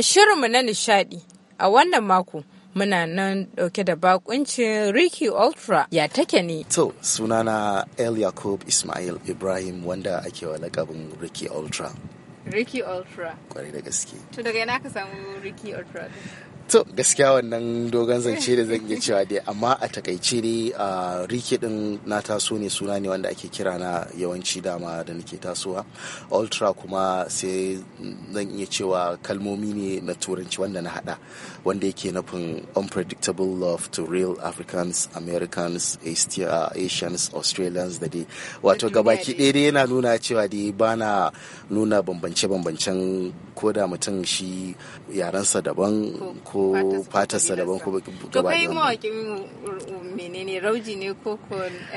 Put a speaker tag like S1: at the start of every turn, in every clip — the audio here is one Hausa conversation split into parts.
S1: A shirinmu na nishadi a wannan mako muna nan dauke da bakuncin Ricky Ultra ya take ne. To sunana El Yakub Ismail Ibrahim wanda ake wa lakabin Ricky Ultra. Ricky Ultra. Kwarai da gaske. To daga yana ka samu Ricky Ultra? to gaskiya wannan dogon zance da zan iya cewa dai amma a takaice ne a rike din na taso ne suna ne wanda ake kira na yawanci dama da nake tasowa ultra kuma sai zan iya cewa kalmomi ne na turanci wanda na hada wanda yake nufin unpredictable love to real africans americans asians australians da dai wato gabaki ɗaya dai yana nuna cewa dai ba na nuna bambance-bambancen ko da mutum shi yarensa daban ko ko sa daban ko to kai mawakin menene rauji ne ko ko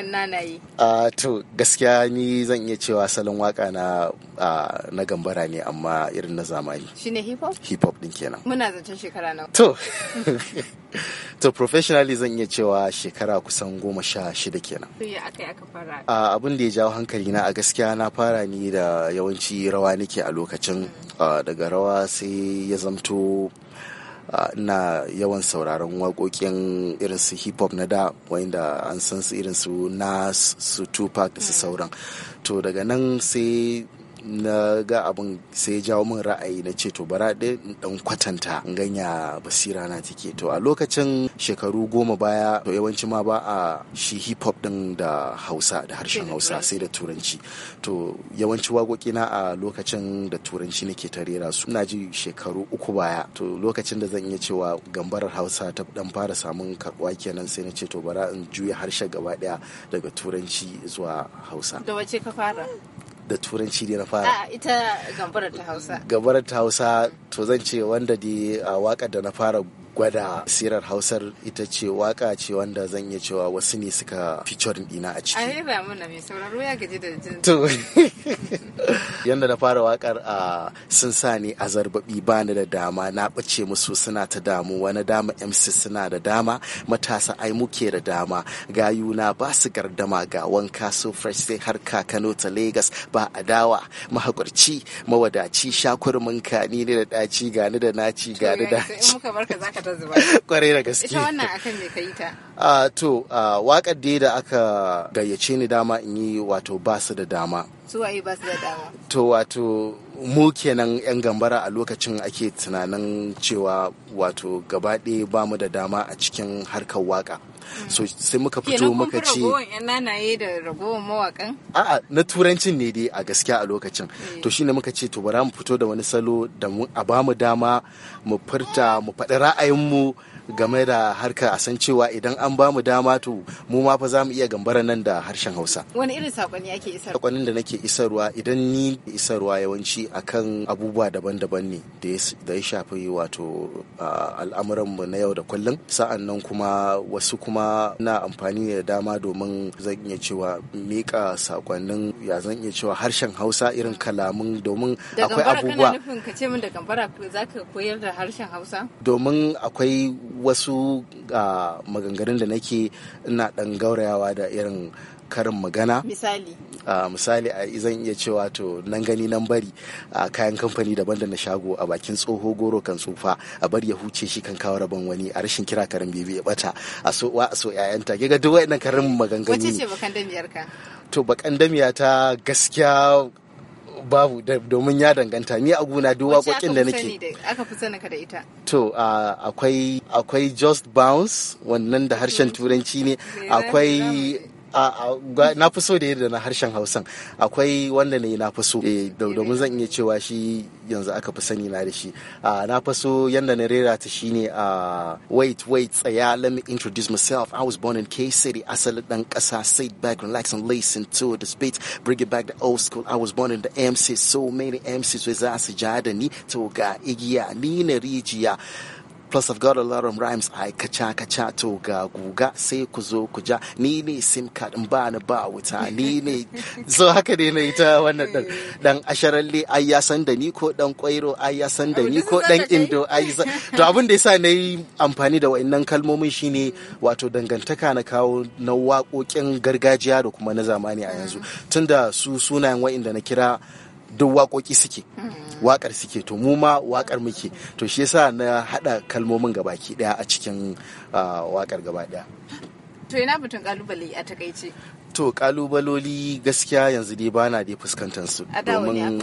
S1: na yi? to gaskiya ni zan iya cewa salon waka na na gambara ne amma irin na zamani ne hip hop hip hop din kenan muna zancen shekara nawa to to professionally zan iya cewa shekara kusan goma sha shida kenan ya aka aka fara. abin da ya jawo hankali na a gaskiya na fara ni da yawanci rawa nake a lokacin mm. daga rawa sai ya zamto Ah, ina yawan sauraron waƙoƙin irin su hip hop na da wanda an san su irin su nas su tupac da su mm. sauran to daga nan sai na ga abin sai jawo min ra'ayi na ce to bara ɗaya ɗan kwatanta ganya basira na take to a lokacin shekaru goma baya to yawanci ma ba a shi hip hop din da hausa da harshen hausa sai da turanci to yawanci waƙoƙi na a lokacin da turanci nake ta rera su na ji shekaru uku baya to lokacin da zan iya cewa gambarar hausa ta dan fara samun karɓuwa kenan sai na ce to bara in juya harshe gaba ɗaya daga turanci zuwa hausa da wace ka fara da turanci ne na fara. A ah, ita gambarar ta Hausa. Gambarar ta Hausa to zan ce wanda da ah, waƙar da na fara gwada sirar hausar ita ce waka ce wanda zan iya cewa wasu ne suka featuring dina a ciki ai mai sauraro ya gaji da jin to na fara wakar a sun sa ni a zarbabi ni da dama na bace musu suna ta damu wani dama MC suna da dama matasa ai muke da dama gayu na ba su gardama ga wanka so fresh sai har kakano ta Lagos ba adawa mahakurci mawadaci shakurmin ka ni ne da daci gani da naci gani da ta kwarai da gaske ita wannan akan me kai ta a to wakar dai da aka gayyace ni dama in yi wato ba su da dama su waye ba su da dama to wato mu kenan yan gambara a lokacin ake tunanin cewa wato gaba ɗaya ba mu da dama a cikin harkar waƙa. so sai muka fito muka ce a'a na turancin ne dai a gaskiya a lokacin eh. to shine muka ce to bara mu fito da wani salo da a bamu dama mu furta mu faɗi ra'ayinmu mu game da harka a san cewa idan an bamu dama to mu ma fa za mu iya gambara nan da harshen hausa wani irin sakonni ake isarwa sakonnin da nake isarwa idan ni isarwa yawanci akan abubuwa daban-daban ne da ya shafi wato al'amuranmu na yau da kullum sa'an nan kuma wasu kuma na amfani da dama domin zan iya cewa mika sakonnin ya zan iya cewa harshen hausa irin kalamun domin akwai abubuwa da gambara kana nufin ka ce min da gambara za ka koyar da harshen hausa domin akwai wasu ah, maganganun da nake ina ɗan gaurayawa da irin karin magana misali uh, misali a zan iya cewa to nan gani nan bari a ah, kayan kamfani daban da na shago a bakin tsoho goro kan tsufa a bari ya huce shi kan kawo rabon wani a rashin kira karin bebe ya bata a so wa a so yayanta duk wayannan karin maganganu wace ce bakan damiyar ka to bakan ta gaskiya babu domin ya danganta ni a guna duk waƙoƙin da nake aka fi da ita to akwai akwai just bounce wannan da harshen hmm. turanci ne akwai na fi so da yadda na harshen hausan akwai wanda ne na fi so eh, domin zan iya cewa shi yanzu aka fi sani na da shi na fi so yadda na rera ta shine a wait wait tsaya let me introduce myself I was born in K City asali dan kasa sit back relax and listen to the beat bring it back the old school I was born in the MC so many MCs wai za su ja da ni to ga igiya ni na rijiya plus I've got a lot of rhymes ai kaca kaca to ga guga sai ku zo ku ja ni ne sim card in ba ni ba wuta ni ne so haka ne na ita wannan eh. dan dan asharalle ai ya san da ni ko dan kwairo ai ya san da ni ko dan indo ai to abin da yasa na yi amfani da wayannan kalmomin shine wato dangantaka na kawo na waƙoƙin gargajiya da kuma na zamani a yanzu ah. tunda su sunayen wayanda na kira duk waƙoƙi suke waƙar suke to mu ma waƙar muke to shi yasa na haɗa kalmomin gabaki ɗaya a cikin ah, waƙar gaba ɗaya to ina batun ƙalubale a takaice to kalubaloli gaskiya yanzu dai bana dai fuskantar su domin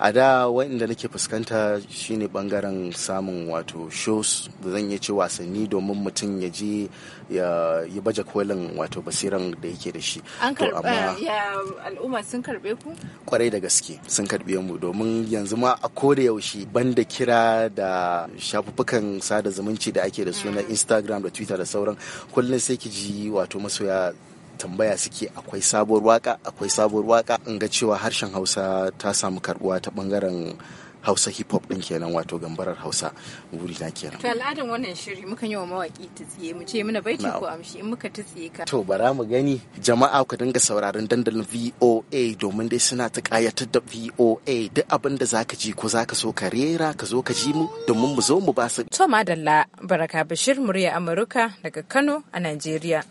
S1: a da waɗanda nake fuskanta shine bangaren samun wato shows da zan iya ce wasanni domin mutum ya je ya baje kolin wato basiran da yake da shi an karɓa ya al'umma sun karɓe ku kwarai da gaske sun karɓe mu domin yanzu ma a koda yaushe banda kira da shafuffukan sada zumunci da ake da su na mm. instagram da twitter da sauran kullum sai ki ji wato masoya tambaya suke akwai sabuwar waka akwai sabuwar waka in ga cewa harshen hausa ta samu karbuwa ta bangaren hausa hip hop din kenan wato gambarar hausa wuri na kenan to al'adan wannan shiri muka yi wa mawaki tsiye mu ce muna baiti ko amshi in muka tsiye ka to bara mu gani jama'a ku dinga sauraron dandalin VOA domin dai suna ta kayatar da VOA duk abin da zaka ji ko zaka so ka rera ka zo ka ji mu domin mu zo mu ba su to madalla baraka bashir murya amurka daga Kano a Najeriya